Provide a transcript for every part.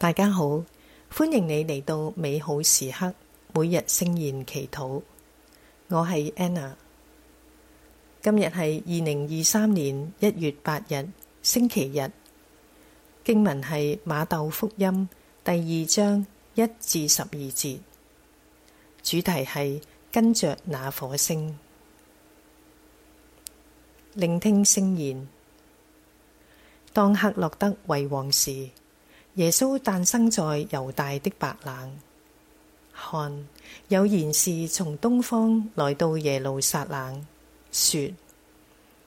大家好，歡迎你嚟到美好時刻，每日聖言祈禱。我係 Anna，今日係二零二三年一月八日星期日，經文係馬竇福音第二章一至十二節，主題係跟着那顆星，聆聽聖言。當黑落德為王時，耶穌誕生在猶大的白冷，看，有賢士從東方來到耶路撒冷，說：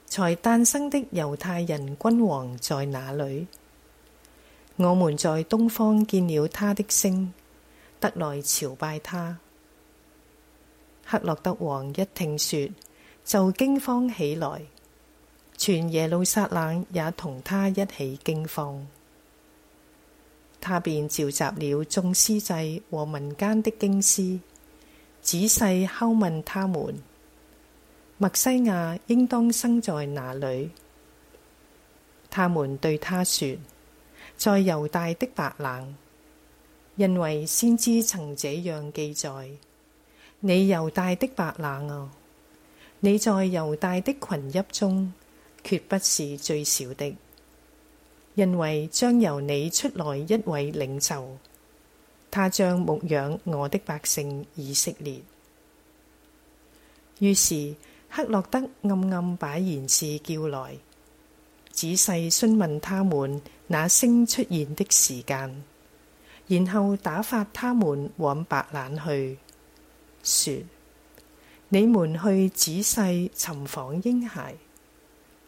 才誕生的猶太人君王在哪裏？我們在東方見了他的星，特來朝拜他。黑落德王一聽說，就驚慌起來，全耶路撒冷也同他一起驚慌。他便召集了眾司祭和民間的經師，仔細考問他們：默西亞應當生在哪裏？他們對他說：在猶大的白冷。因為先知曾這樣記載：你猶大的白冷啊，你在猶大的群邑中，決不是最小的。因為將由你出來一位領袖，他將牧養我的百姓以色列。於是黑落德暗暗把賢士叫來，仔細詢問他們那星出現的時間，然後打發他們往白冷去，說：你們去仔細尋訪嬰孩，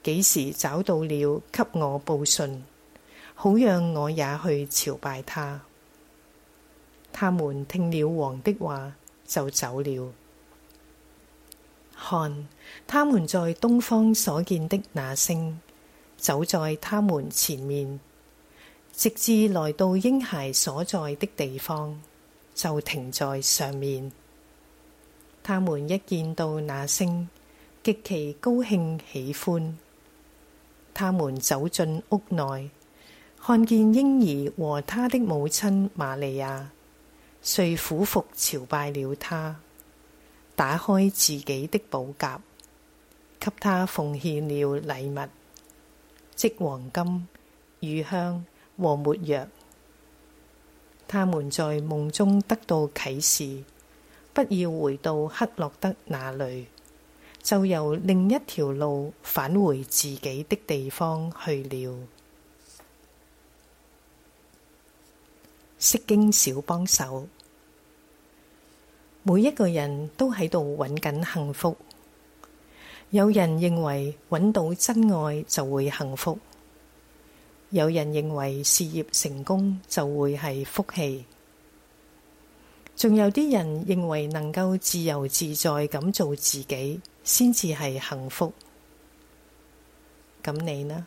幾時找到了，給我報信。好讓我也去朝拜他。他們聽了王的話，就走了。看，他們在東方所見的那星，走在他們前面，直至來到嬰孩所在的地方，就停在上面。他們一見到那星，極其高興喜歡。他們走進屋內。看見嬰兒和他的母親瑪利亞，遂俯伏朝拜了他，打開自己的寶匣，給他奉獻了禮物，即黃金、乳香和沒藥。他們在夢中得到啟示，不要回到黑落德那裏，就由另一條路返回自己的地方去了。釋經小幫手，每一個人都喺度揾緊幸福。有人認為揾到真愛就會幸福，有人認為事業成功就會係福氣，仲有啲人認為能夠自由自在咁做自己先至係幸福。咁你呢？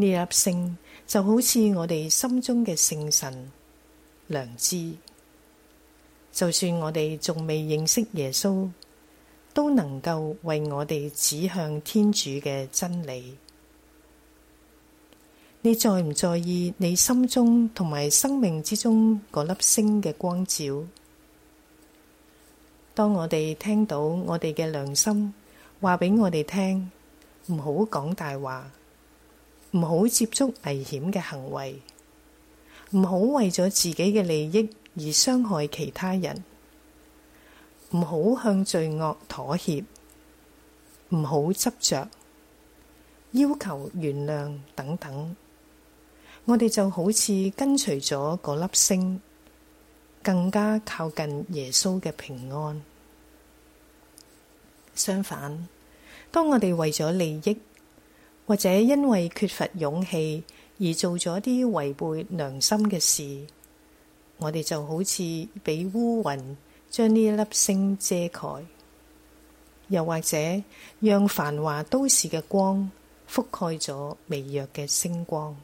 呢粒星就好似我哋心中嘅聖神良知，就算我哋仲未認識耶穌，都能夠為我哋指向天主嘅真理。你在唔在意你心中同埋生命之中嗰粒星嘅光照？當我哋聽到我哋嘅良心話俾我哋聽，唔好講大話。唔好接觸危險嘅行為，唔好為咗自己嘅利益而傷害其他人，唔好向罪惡妥協，唔好執着，要求原諒等等。我哋就好似跟隨咗嗰粒星，更加靠近耶穌嘅平安。相反，當我哋為咗利益，或者因為缺乏勇氣而做咗啲違背良心嘅事，我哋就好似俾烏雲將呢一粒星遮蓋，又或者讓繁華都市嘅光覆蓋咗微弱嘅星光。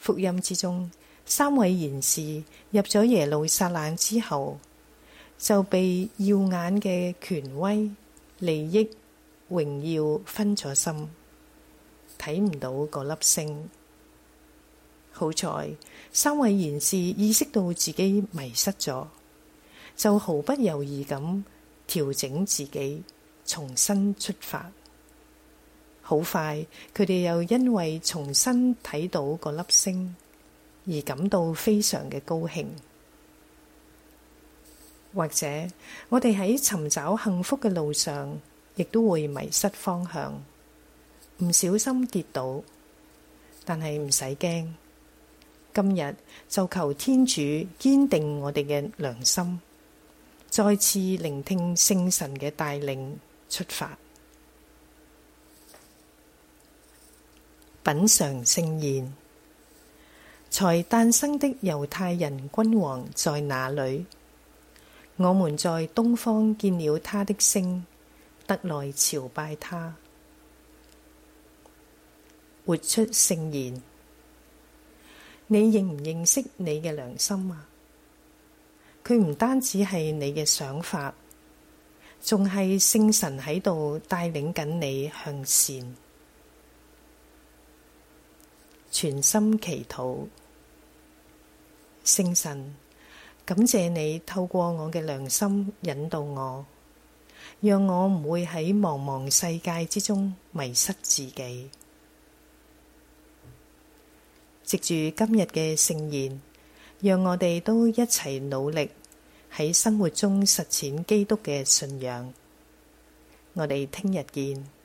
福音之中，三位賢士入咗耶路撒冷之後，就被耀眼嘅權威、利益、榮耀分咗心，睇唔到嗰粒星。好在三位賢士意識到自己迷失咗，就毫不猶疑咁調整自己，重新出發。好快，佢哋又因為重新睇到嗰粒星而感到非常嘅高興。或者，我哋喺尋找幸福嘅路上。亦都會迷失方向，唔小心跌倒，但係唔使驚。今日就求天主堅定我哋嘅良心，再次聆聽聖神嘅帶領，出發。品嚐聖言。才誕生的猶太人君王在哪裏？我們在東方見了他的星。特來朝拜他，活出聖言。你認唔認識你嘅良心啊？佢唔單止係你嘅想法，仲係聖神喺度帶領緊你向善，全心祈禱。聖神，感謝你透過我嘅良心引導我。讓我唔會喺茫茫世界之中迷失自己。藉住今日嘅聖言，讓我哋都一齊努力喺生活中實踐基督嘅信仰。我哋聽日見。